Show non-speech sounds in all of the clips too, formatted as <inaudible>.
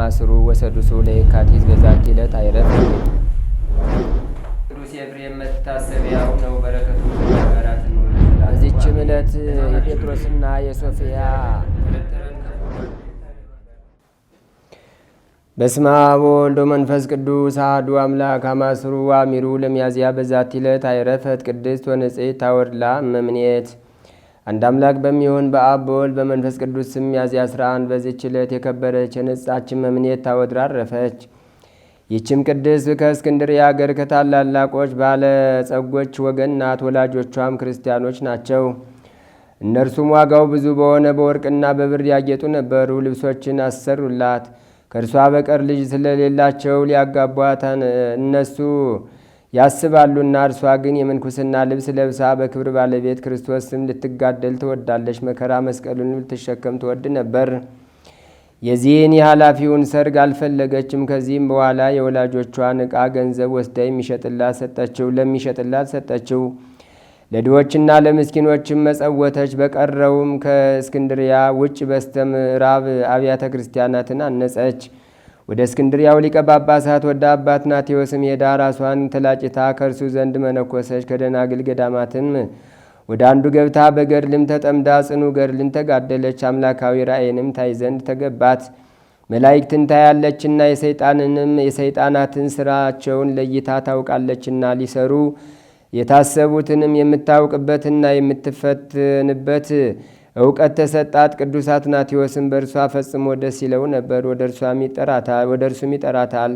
ማስሩ ወሰዱሱ ለየካቲት በዛቲ ዕለት አይረፍ። ቅዱስ ኤፍሬም መታሰቢያው ነው። በረከቱ ጋራት በዚችም ዕለት የጴጥሮስና የሶፊያ በስመ አብ ወወልድ ወመንፈስ ቅዱስ አሐዱ አምላክ። አማስሩ አሚሩ ለሚያዝያ በዛቲ ዕለት አይረፈት ቅድስት ወንጽሕት ታወድላ እመምኔት አንድ አምላክ በሚሆን በአብ በወልድ በመንፈስ ቅዱስ ስም ሚያዝያ 11 በዚች ዕለት የከበረች የነጻችን መምኔት ታወድራ አረፈች። ይህችም ቅድስት ከእስክንድርያ አገር ከታላላቆች ባለ ወገን ናት። ወላጆቿም ክርስቲያኖች ናቸው። እነርሱም ዋጋው ብዙ በሆነ በወርቅና በብር ያጌጡ ነበሩ። ልብሶችን አሰሩላት። ከእርሷ በቀር ልጅ ስለሌላቸው ሊያጋቧት እነሱ ያስባሉና እርሷ ግን የምንኩስና ልብስ ለብሳ በክብር ባለቤት ክርስቶስ ስም ልትጋደል ትወዳለች። መከራ መስቀሉን ልትሸከም ትወድ ነበር። የዚህን የኃላፊውን ሰርግ አልፈለገችም። ከዚህም በኋላ የወላጆቿን ዕቃ ገንዘብ ወስዳ የሚሸጥላት ሰጠችው፣ ለሚሸጥላት ሰጠችው። ለድሆችና ለምስኪኖችም መጸወተች። በቀረውም ከእስክንድሪያ ውጭ በስተ ምዕራብ አብያተ ክርስቲያናትን አነጸች። ወደ እስክንድሪያው ሊቀ ጳጳሳት ወደ አባት ናቴዎስም ሄዳ ራሷን ተላጭታ ከእርሱ ዘንድ መነኮሰች። ከደናግል ገዳማትም ወደ አንዱ ገብታ በገድልም ተጠምዳ ጽኑ ገድልን ተጋደለች። አምላካዊ ራእይንም ታይ ዘንድ ተገባት። መላይክትን ታያለችና የሰይጣንንም የሰይጣናትን ስራቸውን ለይታ ታውቃለችና ሊሰሩ የታሰቡትንም የምታውቅበትና የምትፈትንበት እውቀት ተሰጣት። ቅዱስ አትናቴዎስም በእርሷ ፈጽሞ ደስ ይለው ነበር። ወደ እርሱም ይጠራታል፣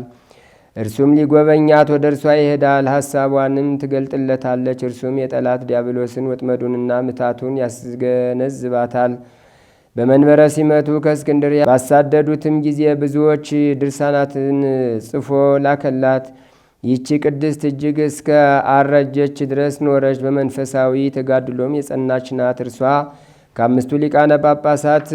እርሱም ሊጎበኛት ወደ እርሷ ይሄዳል። ሀሳቧንም ትገልጥለታለች። እርሱም የጠላት ዲያብሎስን ወጥመዱንና ምታቱን ያስገነዝባታል። በመንበረ ሲመቱ ከእስክንድርያ ባሳደዱትም ጊዜ ብዙዎች ድርሳናትን ጽፎ ላከላት። ይቺ ቅድስት እጅግ እስከ አረጀች ድረስ ኖረች። በመንፈሳዊ ተጋድሎም የጸናች ናት። እርሷ ከአምስቱ ሊቃነ ጳጳሳት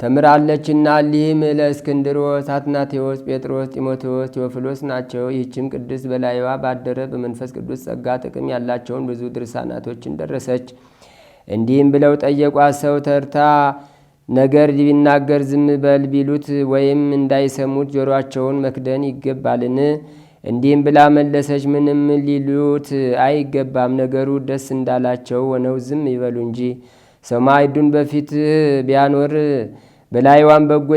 ተምራለችና ሊህም ለእስክንድሮስ፣ አትናቴዎስ፣ ጴጥሮስ፣ ጢሞቴዎስ፣ ቴዎፍሎስ ናቸው። ይህችም ቅድስት በላይዋ ባደረ በመንፈስ ቅዱስ ጸጋ ጥቅም ያላቸውን ብዙ ድርሳናቶችን ደረሰች። እንዲህም ብለው ጠየቋ ሰው ተርታ ነገር ቢናገር ዝም በል ቢሉት ወይም እንዳይሰሙት ጆሮአቸውን መክደን ይገባልን? እንዲህም ብላ መለሰች፣ ምንም ሊሉት አይገባም። ነገሩ ደስ እንዳላቸው ሆነው ዝም ይበሉ እንጂ ሰው ማዕዱን በፊትህ ቢያኖር በላይዋን በጎ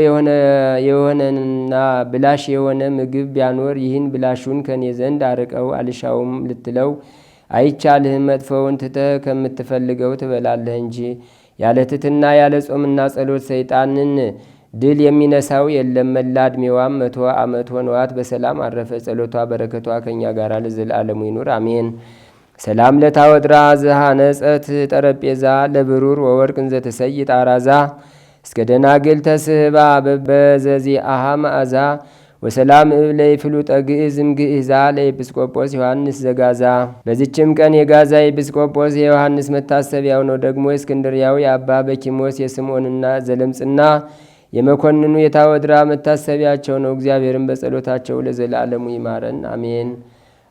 የሆነና ብላሽ የሆነ ምግብ ቢያኖር ይህን ብላሹን ከኔ ዘንድ አርቀው አልሻውም ልትለው አይቻልህም። መጥፎውን ትተህ ከምትፈልገው ትበላለህ እንጂ ያለ ትትና ያለ ጾምና ጸሎት ሰይጣንን ድል የሚነሳው የለም። መላ ዕድሜዋም መቶ ዓመት ሆነዋት በሰላም አረፈ። ጸሎቷ በረከቷ ከእኛ ጋር ለዘላለሙ ይኑር አሜን። ሰላም ለታወጥራ ዘሃነጸት ጠረጴዛ ለብሩር ወወርቅ እንዘተሰይ ጣራዛ እስከ ደናግል ተስህባ አሃ ማእዛ ወሰላም እብ ፍሉጠ ግእዝም ግእዛ ለኤጲስቆጶስ ዮሐንስ ዘጋዛ። በዚችም ቀን የጋዛ ኤጲስቆጶስ የዮሐንስ መታሰቢያው ነው። ደግሞ የእስክንድርያዊ አባ በኪሞስ የስምዖንና ዘለምጽና የመኮንኑ የታወድራ መታሰቢያቸው ነው። እግዚአብሔርን በጸሎታቸው ለዘላለሙ ይማረን፣ አሜን።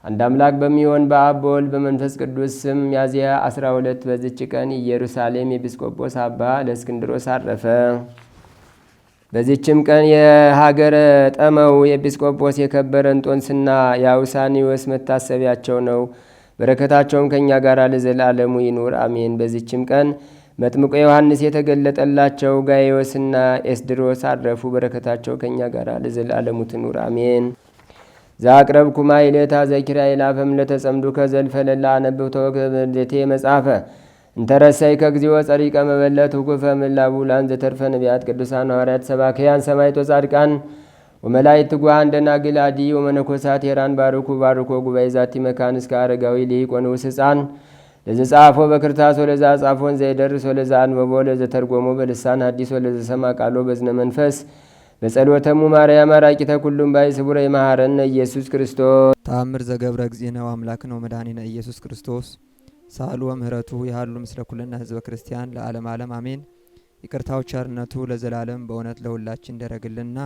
አንድ አምላክ በሚሆን በአብ በወልድ በመንፈስ ቅዱስ ስም ሚያዝያ 12 በዚች ቀን ኢየሩሳሌም ኤጲስቆጶስ አባ ለእስክንድሮስ አረፈ። በዚችም ቀን የሀገረ ጠመው ኤጲስቆጶስ የከበረ እንጦንስና የአውሳኒዎስ መታሰቢያቸው ነው። በረከታቸውም ከእኛ ጋር ለዘላለሙ ይኑር አሜን። በዚችም ቀን መጥምቆ ዮሐንስ የተገለጠላቸው ጋይዮስና ኤስድሮስ አረፉ። በረከታቸው ከእኛ ጋር ለዘላለሙ ትኑር አሜን። ዛቅረብኩ ማይሌታ ዘኪራ ይላፈም ለተጸምዱ ከዘልፈለላ አነብብቶ በልቴ መጻፈ እንተረሳይ ከጊዜወ ጸሪቀ መበለት ውኩፈ ምላቡላን ዘተርፈ ነቢያት ቅዱሳን ሐዋርያት ሰባክያን ሰማይቶ ጻድቃን ወመላይት ጓ እንደና ግላዲ ወመነኮሳት ሄራን ባርኩ ባርኮ ጉባኤ ዛቲ መካን እስከ አረጋዊ ሊቆን ውስ ለዘጻፎ በክርታስ ወለዛ ጻፎን ዘይደርስ ወለዛ አንበቦ ለዘተርጎሞ በልሳን ሐዲስ ወለዘሰማ ቃሎ በዝነ መንፈስ በጸሎተሙ ማርያም አራቂተ ተኩሉም ባይ ስቡረ ይመሃረነ ኢየሱስ ክርስቶስ ተአምር ዘገብረ እግዚእነ አምላክ ነው መድኃኒነ ኢየሱስ ክርስቶስ ሳሉ ምህረቱ ያሉ ምስለ ኩልና ህዝበ ክርስቲያን ለዓለም ዓለም አሜን። ይቅርታው ቸርነቱ ለዘላለም በእውነት ለሁላችን ደረግልና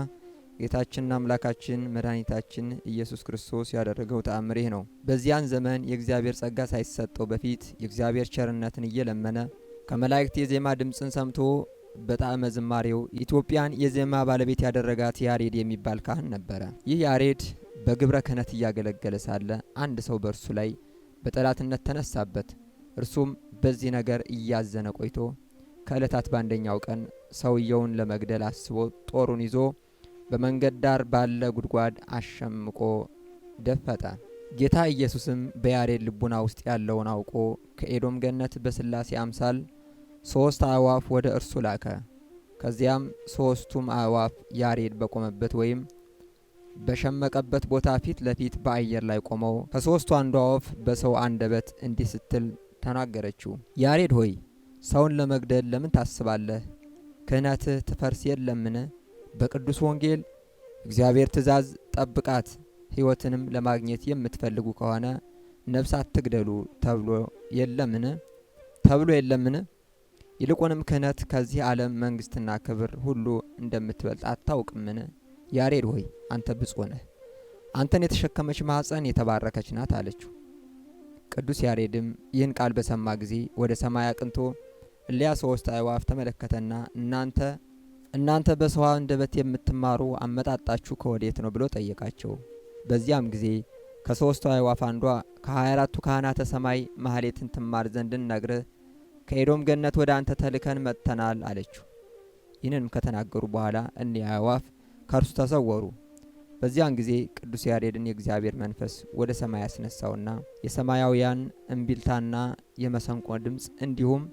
ጌታችንና አምላካችን መድኃኒታችን ኢየሱስ ክርስቶስ ያደረገው ተአምር ይህ ነው። በዚያን ዘመን የእግዚአብሔር ጸጋ ሳይሰጠው በፊት የእግዚአብሔር ቸርነትን እየለመነ ከመላእክት የዜማ ድምፅን ሰምቶ በጣዕመ ዝማሬው ኢትዮጵያን የዜማ ባለቤት ያደረጋት ያሬድ የሚባል ካህን ነበረ። ይህ ያሬድ በግብረ ክህነት እያገለገለ ሳለ አንድ ሰው በእርሱ ላይ በጠላትነት ተነሳበት። እርሱም በዚህ ነገር እያዘነ ቆይቶ ከዕለታት በአንደኛው ቀን ሰውየውን ለመግደል አስቦ ጦሩን ይዞ በመንገድ ዳር ባለ ጉድጓድ አሸምቆ ደፈጠ። ጌታ ኢየሱስም በያሬድ ልቡና ውስጥ ያለውን አውቆ ከኤዶም ገነት በስላሴ አምሳል ሶስት አእዋፍ ወደ እርሱ ላከ። ከዚያም ሶስቱም አእዋፍ ያሬድ በቆመበት ወይም በሸመቀበት ቦታ ፊት ለፊት በአየር ላይ ቆመው ከሶስቱ አንዷ ወፍ በሰው አንደበት እንዲህ ስትል ተናገረችው። ያሬድ ሆይ ሰውን ለመግደል ለምን ታስባለህ? ክህነትህ ትፈርስ የለምን? በቅዱስ ወንጌል እግዚአብሔር ትእዛዝ ጠብቃት፣ ሕይወትንም ለማግኘት የምትፈልጉ ከሆነ ነፍስ አትግደሉ ተብሎ የለምን ተብሎ የለምን? ይልቁንም ክህነት ከዚህ ዓለም መንግሥትና ክብር ሁሉ እንደምትበልጥ አታውቅምን? ያሬድ ሆይ አንተ ብፁዕ ነህ፣ አንተን የተሸከመች ማኅፀን የተባረከች ናት አለችው። ቅዱስ ያሬድም ይህን ቃል በሰማ ጊዜ ወደ ሰማይ አቅንቶ እሊያ ሶስት አዕዋፍ ተመለከተና እናንተ እናንተ በሰው አንደበት የምትማሩ አመጣጣችሁ ከወዴት ነው ብሎ ጠየቃቸው። በዚያም ጊዜ ከሦስቱ አእዋፍ አንዷ ከሀያ አራቱ ካህናተ ሰማይ ማህሌትን ትማር ዘንድ እንነግርህ ከኤዶም ገነት ወደ አንተ ተልከን መጥተናል አለችው። ይህንንም ከተናገሩ በኋላ እኒህ አዕዋፍ ከእርሱ ተሰወሩ። በዚያን ጊዜ ቅዱስ ያሬድን የእግዚአብሔር መንፈስ ወደ ሰማይ ያስነሳውና የሰማያውያን እምቢልታና የመሰንቆ ድምፅ እንዲሁም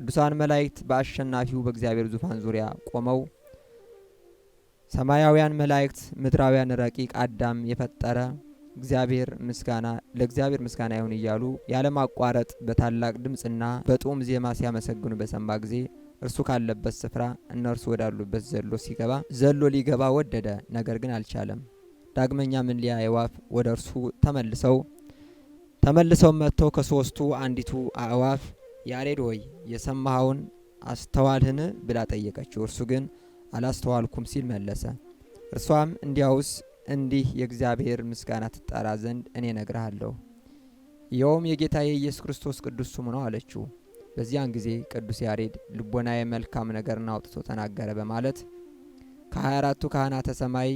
ቅዱሳን መላእክት በአሸናፊው በእግዚአብሔር ዙፋን ዙሪያ ቆመው ሰማያውያን መላእክት ምድራውያን ረቂቅ አዳም የፈጠረ እግዚአብሔር ምስጋና ለእግዚአብሔር ምስጋና ይሁን እያሉ ያለማቋረጥ በታላቅ ድምፅና በጥዑም ዜማ ሲያመሰግኑ በሰማ ጊዜ እርሱ ካለበት ስፍራ እነርሱ ወዳሉበት ዘሎ ሲገባ ዘሎ ሊገባ ወደደ፣ ነገር ግን አልቻለም። ዳግመኛ ምን ሊያ አእዋፍ ወደ እርሱ ተመልሰው ተመልሰው መጥተው ከሶስቱ አንዲቱ አእዋፍ ያሬድ ሆይ የሰማኸውን አስተዋልህን ብላ ጠየቀችው። እርሱ ግን አላስተዋልኩም ሲል መለሰ። እርሷም እንዲያውስ እንዲህ የእግዚአብሔር ምስጋና ትጣራ ዘንድ እኔ ነግርሃለሁ፣ ይኸውም የጌታ የኢየሱስ ክርስቶስ ቅዱስ ስሙ ነው አለችው። በዚያን ጊዜ ቅዱስ ያሬድ ልቦና የመልካም ነገርን አውጥቶ ተናገረ በማለት ከሀያ አራቱ ካህናተ ሰማይ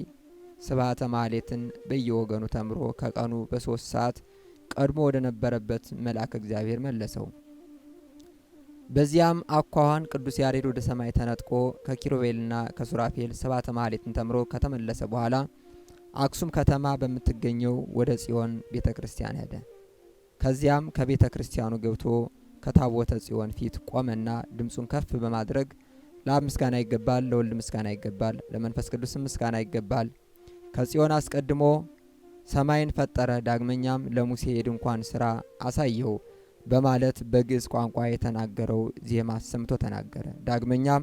ስብሐተ ማህሌትን በየወገኑ ተምሮ ከቀኑ በሶስት ሰዓት ቀድሞ ወደ ነበረበት መልአክ እግዚአብሔር መለሰው። በዚያም አኳኋን ቅዱስ ያሬድ ወደ ሰማይ ተነጥቆ ከኪሩቤልና ከሱራፌል ሰባተ ማህሌትን ተምሮ ከተመለሰ በኋላ አክሱም ከተማ በምትገኘው ወደ ጽዮን ቤተ ክርስቲያን ሄደ። ከዚያም ከቤተ ክርስቲያኑ ገብቶ ከታቦተ ጽዮን ፊት ቆመና ድምፁን ከፍ በማድረግ ለአብ ምስጋና ይገባል፣ ለወልድ ምስጋና ይገባል፣ ለመንፈስ ቅዱስም ምስጋና ይገባል። ከጽዮን አስቀድሞ ሰማይን ፈጠረ። ዳግመኛም ለሙሴ የድንኳን ስራ አሳየው። በማለት በግዕዝ ቋንቋ የተናገረው ዜማ አሰምቶ ተናገረ። ዳግመኛም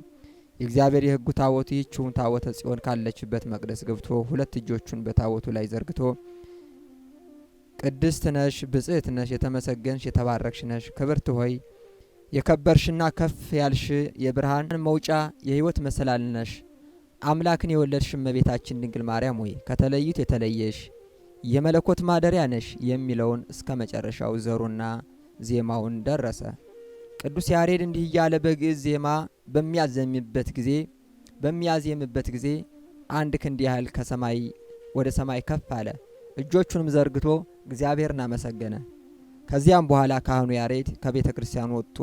የእግዚአብሔር የሕጉ ታቦት ይህችውን ታቦተ ጽዮን ካለችበት መቅደስ ገብቶ ሁለት እጆቹን በታቦቱ ላይ ዘርግቶ ቅድስት ነሽ፣ ብጽህት ነሽ፣ የተመሰገንሽ የተባረክሽ ነሽ፣ ክብርት ሆይ የከበርሽና ከፍ ያልሽ የብርሃን መውጫ የሕይወት መሰላል ነሽ፣ አምላክን የወለድሽ እመቤታችን ድንግል ማርያም ሆይ ከተለዩት የተለየሽ የመለኮት ማደሪያ ነሽ የሚለውን እስከ መጨረሻው ዘሩና ዜማውን ደረሰ። ቅዱስ ያሬድ እንዲህ እያለ በግዕዝ ዜማ በሚያዘምበት ጊዜ በሚያዜምበት ጊዜ አንድ ክንድ ያህል ከሰማይ ወደ ሰማይ ከፍ አለ። እጆቹንም ዘርግቶ እግዚአብሔርን አመሰገነ። ከዚያም በኋላ ካህኑ ያሬድ ከቤተ ክርስቲያን ወጥቶ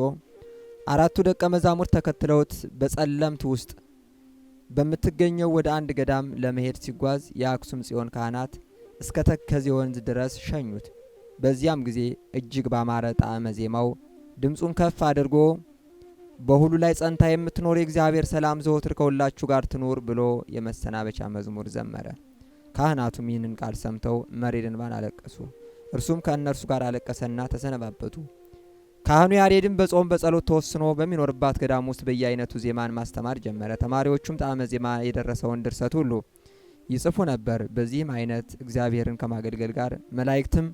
አራቱ ደቀ መዛሙርት ተከትለውት በጸለምት ውስጥ በምትገኘው ወደ አንድ ገዳም ለመሄድ ሲጓዝ የአክሱም ጽዮን ካህናት እስከ ተከዜ ወንዝ ድረስ ሸኙት። በዚያም ጊዜ እጅግ ባማረ ጣዕመ ዜማው ድምፁን ከፍ አድርጎ በሁሉ ላይ ጸንታ የምትኖር የእግዚአብሔር ሰላም ዘወትር ከሁላችሁ ጋር ትኑር ብሎ የመሰናበቻ መዝሙር ዘመረ። ካህናቱም ይህንን ቃል ሰምተው መሬድ እንባን አለቀሱ። እርሱም ከእነርሱ ጋር አለቀሰና ተሰነባበቱ። ካህኑ ያሬድን በጾም በጸሎት ተወስኖ በሚኖርባት ገዳም ውስጥ በየአይነቱ ዜማን ማስተማር ጀመረ። ተማሪዎቹም ጣዕመ ዜማ የደረሰውን ድርሰት ሁሉ ይጽፉ ነበር። በዚህም አይነት እግዚአብሔርን ከማገልገል ጋር መላእክትም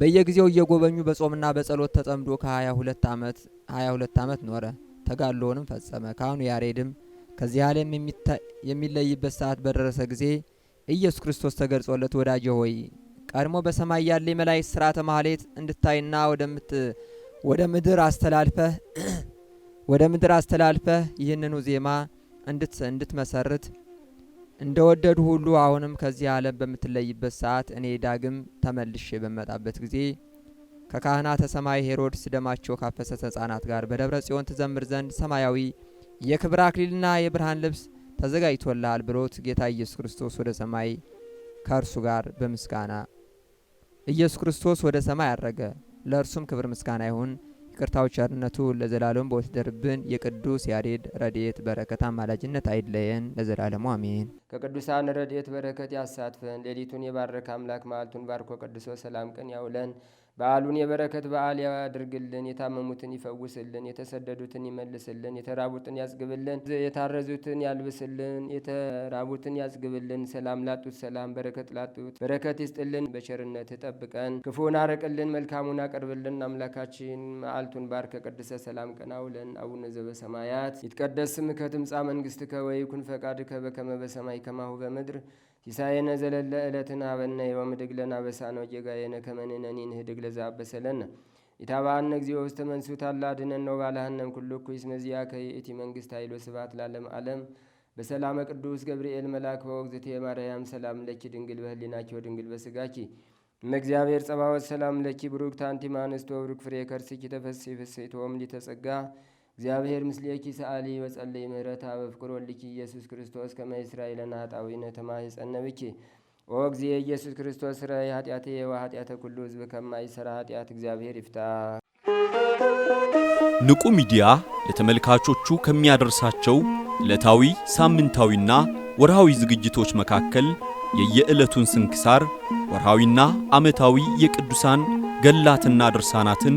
በየጊዜው እየጎበኙ በጾምና በጸሎት ተጠምዶ ከ22 ዓመት 22 ዓመት ኖረ። ተጋድሎውንም ፈጸመ። ካህኑ ያሬድም ከዚህ ዓለም የሚለይበት ሰዓት በደረሰ ጊዜ ኢየሱስ ክርስቶስ ተገልጾለት ወዳጀ ሆይ ቀድሞ በሰማይ ያለ የመላእክት ሥርዓተ ማህሌት እንድታይና ወደ ምድር አስተላልፈ <clears throat> ወደ ምድር አስተላልፈህ ይህንኑ ዜማ እንድትመሰርት እንደ ወደዱ ሁሉ አሁንም ከዚህ ዓለም በምትለይበት ሰዓት እኔ ዳግም ተመልሼ በመጣበት ጊዜ ከካህናተ ሰማይ ሄሮድስ ደማቸው ካፈሰ ሕፃናት ጋር በደብረ ጽዮን ትዘምር ዘንድ ሰማያዊ የክብር አክሊልና የብርሃን ልብስ ተዘጋጅቶልሃል ብሎት ጌታ ኢየሱስ ክርስቶስ ወደ ሰማይ ከእርሱ ጋር በምስጋና ኢየሱስ ክርስቶስ ወደ ሰማይ አረገ። ለእርሱም ክብር ምስጋና ይሁን። ይቅርታው ቸርነቱ ለዘላለም በወትደርብን የቅዱስ ያሬድ ረድኤት በረከት አማላጅነት አይለየን ለዘላለሙ አሜን። ከቅዱሳን ረድኤት በረከት ያሳትፈን። ሌሊቱን የባረከ አምላክ መዓልቱን ባርኮ ቀድሶ ሰላም ቀን ያውለን። በዓሉን የበረከት በዓል ያድርግልን። የታመሙትን ይፈውስልን። የተሰደዱትን ይመልስልን። የተራቡትን ያጽግብልን። የታረዙትን ያልብስልን። የተራቡትን ያጽግብልን። ሰላም ላጡት ሰላም፣ በረከት ላጡት በረከት ይስጥልን። በቸርነት ጠብቀን፣ ክፉን አረቅልን መልካሙን አቅርብልን። አምላካችን መዓልቱን ባር ቀድሰ ሰላም ቀናውለን አቡነ ዘበሰማያት ይትቀደስ ስምከ ትምጻእ መንግስትከ ወይኩን ፈቃድከ በከመ በሰማይ ከማሁ በምድር ሲሳየነ ዘለለ ዕለትን ሀበነ ዮም ድግለና በሳነ ወጌጋየነ ከመንነኒ ድግለ ለዛበሰለነ ኢታባአነ እግዚኦ ውስተ መንሱት አላድነን ነው ባላህነም ኩሉ ኩይስ እስመ ዚአከ መንግስት ኃይሎ ስባት ላለም አለም በሰላመ ቅዱስ ገብርኤል መልአክ በወግዝቴ ማርያም ሰላም ለኪ ድንግል በህሊናኪ ወድንግል በስጋኪ እመእግዚአብሔር ጸባወት ሰላም ለኪ ብሩክ አንቲ እምአንስቶ ብሩክ ፍሬ ከርስኪ ተፈሥሒ ፍሥሕት ሊተጸጋ እግዚአብሔር ምስሌኪ ሰአሊ ወጸልይ ምህረት በፍቅር ወልኪ ኢየሱስ ክርስቶስ ከመ እስራኤልና ኃጣዊነ ተማህ የጸነብኪ ኦ እግዜ ኢየሱስ ክርስቶስ ስራይ ኃጢአቴ ወኃጢአተ ኩሉ ህዝብ ከማይሰራ ኃጢአት እግዚአብሔር ይፍታ። ንቁ ሚዲያ ለተመልካቾቹ ከሚያደርሳቸው ዕለታዊ ሳምንታዊና ወርሃዊ ዝግጅቶች መካከል የየዕለቱን ስንክሳር ወርሃዊና ዓመታዊ የቅዱሳን ገላትና ድርሳናትን